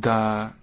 da